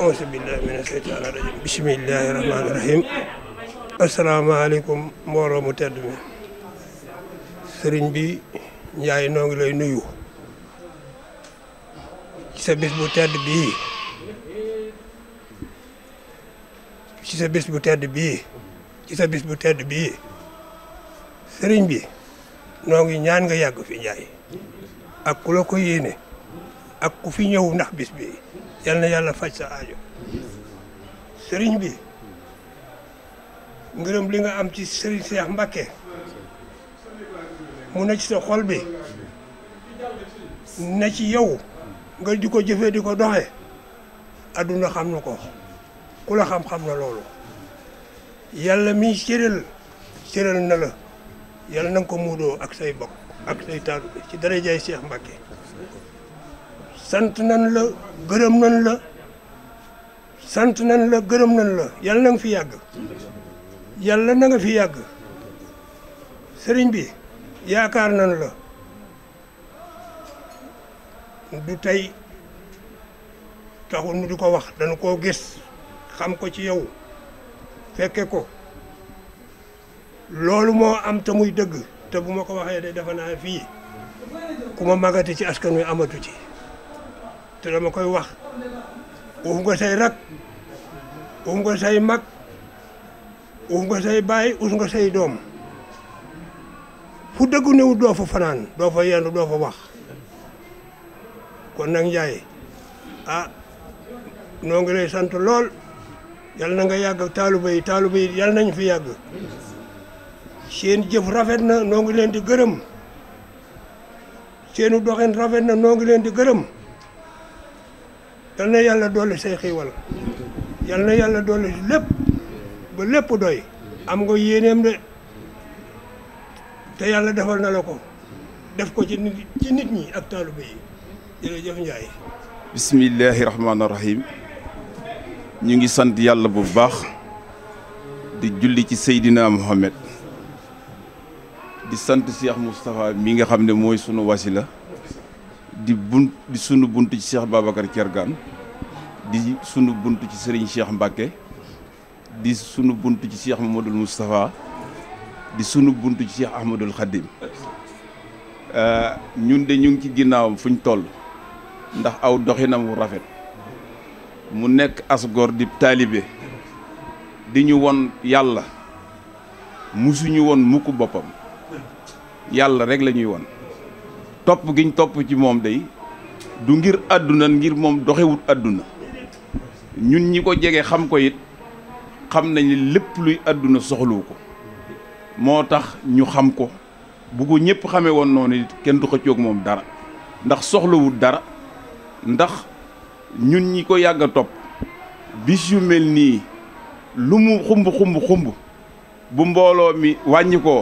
auzu billaahi mina bismillaahi rahmaani rahiim asalaamaaleykum mbooloo mu tedd mi sëriñ bi Ndiaye noo ngi lay nuyu ci sa bis bu tedd bii ci sa bis bu tedd bii ci sa bis tedd bii sëriñ bi noogi ñaan nga yàgg fi Ndiaye ak la ko yéene ak ku fi ñëw nax bis bi yàlla na yàlla faj sa aajo sëriñ bi ngërëm li nga am ci sëriñ Seex Mbàkke mu ne ci sa xol bi ne ci yow nga di ko jëfee di ko doxee adduna xam na ko ku la xam-xam na loolu yàlla mi cëral cëral na la yàlla na nga ko muudoo ak say bokk ak say taal ci darajaay Seex Mbàkke sant nan la gërëm nan la sant nan la gërëm nan la yàlla na nga fi yàgg yàlla na nga fi yàgg sëriñ bi yaakaar nan la du tey taxul nu di ko wax dañu koo gis xam ko ci yow fekke ko loolu moo am te muy dëgg te bu ma ko waxee de defanaa fii ku ma magati ci askan wi amatu ci te dama koy wax waxu nga say rak waxu nga say mag waxu nga say baay waxu nga say doom fu dëggu néew doo fa fanaan doo fa yendu doo fa wax kon nag Ndiaye ah noo ngi lay sant lool yal na nga yàgg taaliba yi taaliba yi yal nañ fi yàgg seen jëf rafet na noo leen di gërëm seenu doxin rafet na noo leen di gërëm yal na yàlla dolli say xiiwal yal na yàlla dolli lépp ba lépp doy am nga yéeneem de te yàlla defal na la ko def ko ci nit ñi ak taalibe yi jërëjëf Njaay bismillahi rahmaani rahim ñu ngi sant yàlla bu baax di julli ci Seydina Muhammad di sant Cheikh Moustapha mi nga xam ne mooy sunu wasila di bunt di sunu bunt ci Cheikh Babacar Thiergane di sunu bunt ci Serigne Cheikh Mbacke di sunu bunt ci Cheikh Mamadou Moustapha di sunu bunt ci Cheikh Ahmadul Khadim euh, ñun de ñu ngi ci ginnaawam fuñ toll ndax aw doxinam wu rafet mu nekk asgor di taalibe di ñu won yàlla musuñu won mukk boppam yàlla rek la ñuy won topp giñ topp ci moom day du ngir àdduna ngir moom doxewut àdduna ñun ñi ko jege xam ko it xam nañ lépp luy àdduna soxlu ko moo tax ñu xam ko bu ko ñëpp xamee woon noonu kenn du xëccoog moom dara ndax soxlawut dara ndax ñun ñi ko yàgg a topp bis yu mel nii lu mu xumb xumb xumb bu mbooloo mi wàññi ko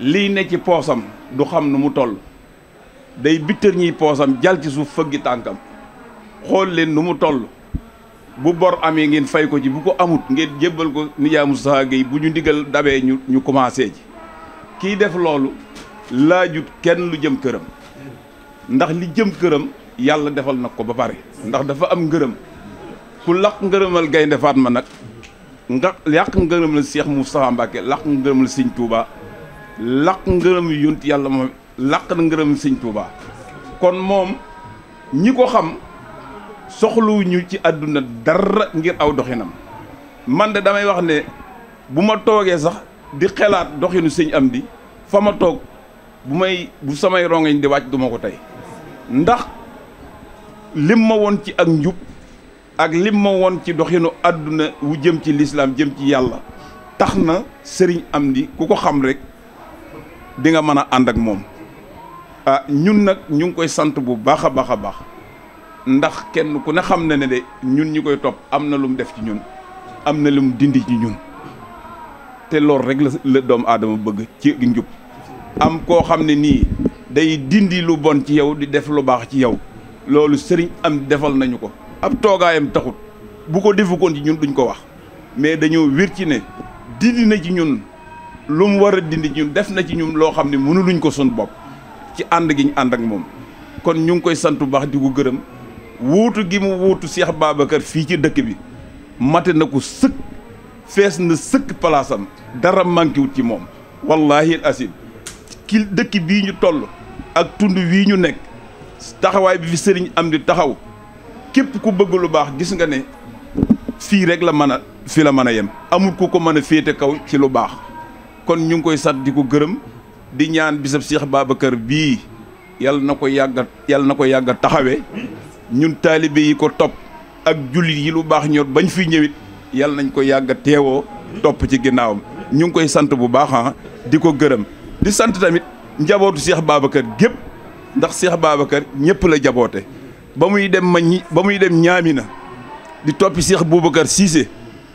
lii ne ci poosam du xam nu mu toll day bittar ñiy poosam jal ci suuf fëggi tànkam xool leen lu mu toll bu bor amee ngeen fay ko ci bu ko amut ngeen jébbal ko nijaamu Moustapha Guèye bu ñu ndigal dabee ñu ñu commencé ji kiy def loolu laajut kenn lu jëm këram ndax li jëm këram yàlla defal na ko ba pare ndax dafa am ngërëm ku laq ngërëmal gaynde ma nag nga yàq ngërëm la Cheikh Moustapha Mbacke laq ngërëm la Sëñ Touba laq yàlla moom làq na ngërëm sëñ Touba kon moom ñi ko xam soxluwuñu ci àdduna dara ngir aw doxinam man de damay wax ne bu ma toogee sax di xelaat doxinu sëñ am di fa ma toog bu may bu samay rongeñ di wàcc duma ko tey ndax lim ma woon ci ak njub ak lim ma woon ci doxinu àdduna wu jëm ci lislaam jëm ci yàlla tax na sëriñ am di ku ko xam rek di nga mën a ànd ak moom a ah, ñun nag ñu ngi koy sant bu baax a baax a baax ndax kenn ku ne xam na ne de ñun ñi koy topp am na lu mu def ci ñun am na lu mu dindi ci ñun te loolu rek la la doomu aadama bëgg ci njub am koo xam ne nii day dindi lu bon ci yow di def lu baax ci yow loolu sëriñ am defal nañu ko ab toogaayam taxut bu ko defukoon ci ñun duñ ko wax mais dañoo wér ci ne dindi na ci ñun lu mu war a dindi ci ñun def na ci ñun loo xam ne mënuluñ ko sun bopp ci ànd gi ànd ak moom kon ñu ngi koy sant bu baax di ko gërëm wuutu gi mu wuutu Cheikh Babacar fii ci dëkk bi mate na ko sëkk fees na sëkk palaasam dara manqué wut ci moom wallaahi asim ki dëkk bii ñu toll ak tund wii ñu nekk taxawaay bi fi sëriñ am di taxaw képp ku bëgg lu baax gis nga ne fii rek la mën a fi la mën a yem amul ku ko mën a féete kaw ci lu baax kon ñu ngi koy sant di ko gërëm di ñaan bisab Cheikh Babacar bii yal na ko yàgg yal na ko yàgg taxawe ñun taalibe yi ko topp ak julli yi lu baax ñor bañ fi ñëwit yal nañ ko yàgg teewoo topp ci ginnaawam ñu ngi koy sant bu baax ah di ko gërëm di sant tamit njabootu Cheikh Babacar gépp ndax Cheikh Babacar ñëpp la jaboote ba muy dem ma ba muy dem ñaami na di toppi Cheikh Boubacar Cissé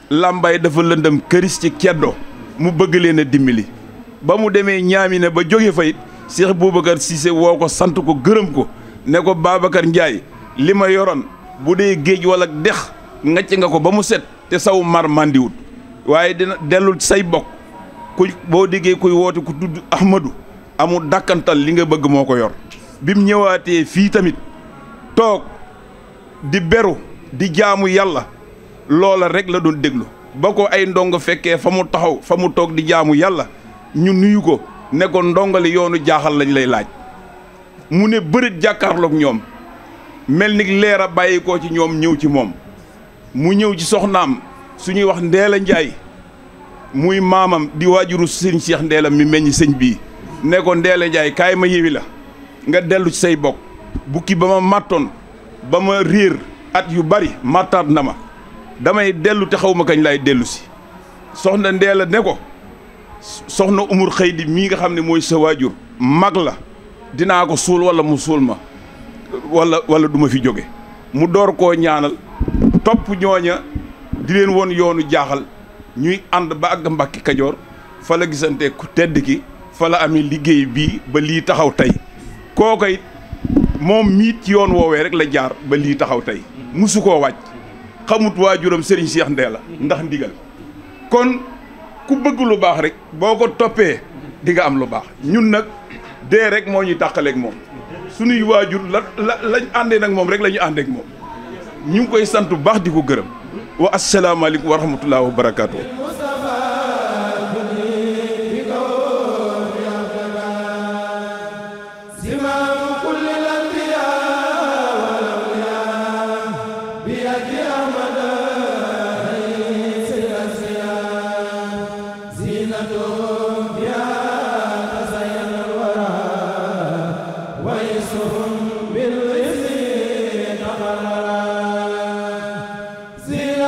làmbaay dafa lëndëm këris ci keddo mu bëgg leena a ba mu demee ne ba jóge fa it Cheikh Boubacar woo ko sant ko gërëm ko ne ko Babacar njaay li ma yoroon bu dee géej wala dex ngacc nga ko ba mu set te saw mar mandiwut waaye dina dellul say bokk ku boo diggee kuy woote ku tudd Ahmadou amul dàkkantal li nga bëgg moo ko yor bi mu ñëwaatee fii tamit toog di beru di jaamu yàlla loola rek la doon déglu ba ko ay ndongo fekkee fa mu taxaw fa mu toog di jaamu yàlla ñu nuyu ko ne ko ndongali yoonu jaaxal lañ lay laaj mu ne bërit jàkkaarloog ñoom mel ni leera a bàyyi ko ci ñoom ñëw ci moom mu ñëw ci soxnaam suñuy wax Ndeela Njaay muy maamam di waajuru sëñ Cheikh Ndeela mi meññ sëñ bii ne ko Ndeela Njaay kaay ma yéwi la nga dellu ci say bokk bukki ba ma màttoon ba ma réer at yu bari màttaat na ma damay dellu te xaw ma kañ lay dellu si soxna Ndeela ne ko soxna umur xëy di mii nga xam ne mooy sa waajur mag la dinaa ko suul wala mu suul ma walla wala duma ma fi jóge mu door koo ñaanal topp ñooña di leen woon yoonu jaaxal ñuy ànd ba àgg mbàkki kajoor fa la tedd ki fala ame liggéey bii ba lii taxaw tey kooka it moom miit ci yoon woowee rek la jaar ba lii taxaw tey musu koo wàcc xamut waajuram sëriñ Seex Ndee la ndax ndigal kon ku bëgg lu baax rek boo ko toppee di nga am lu baax ñun nag dee rek moo ñuy tàqaleeg moom suñuy waajur la la àndee nag moom rek la ñu àndeek moom ñu ngi koy sant bu baax di ko gërëm wa asalaamaaleykum wa rahmatullahi wa barakaatu. Yeah.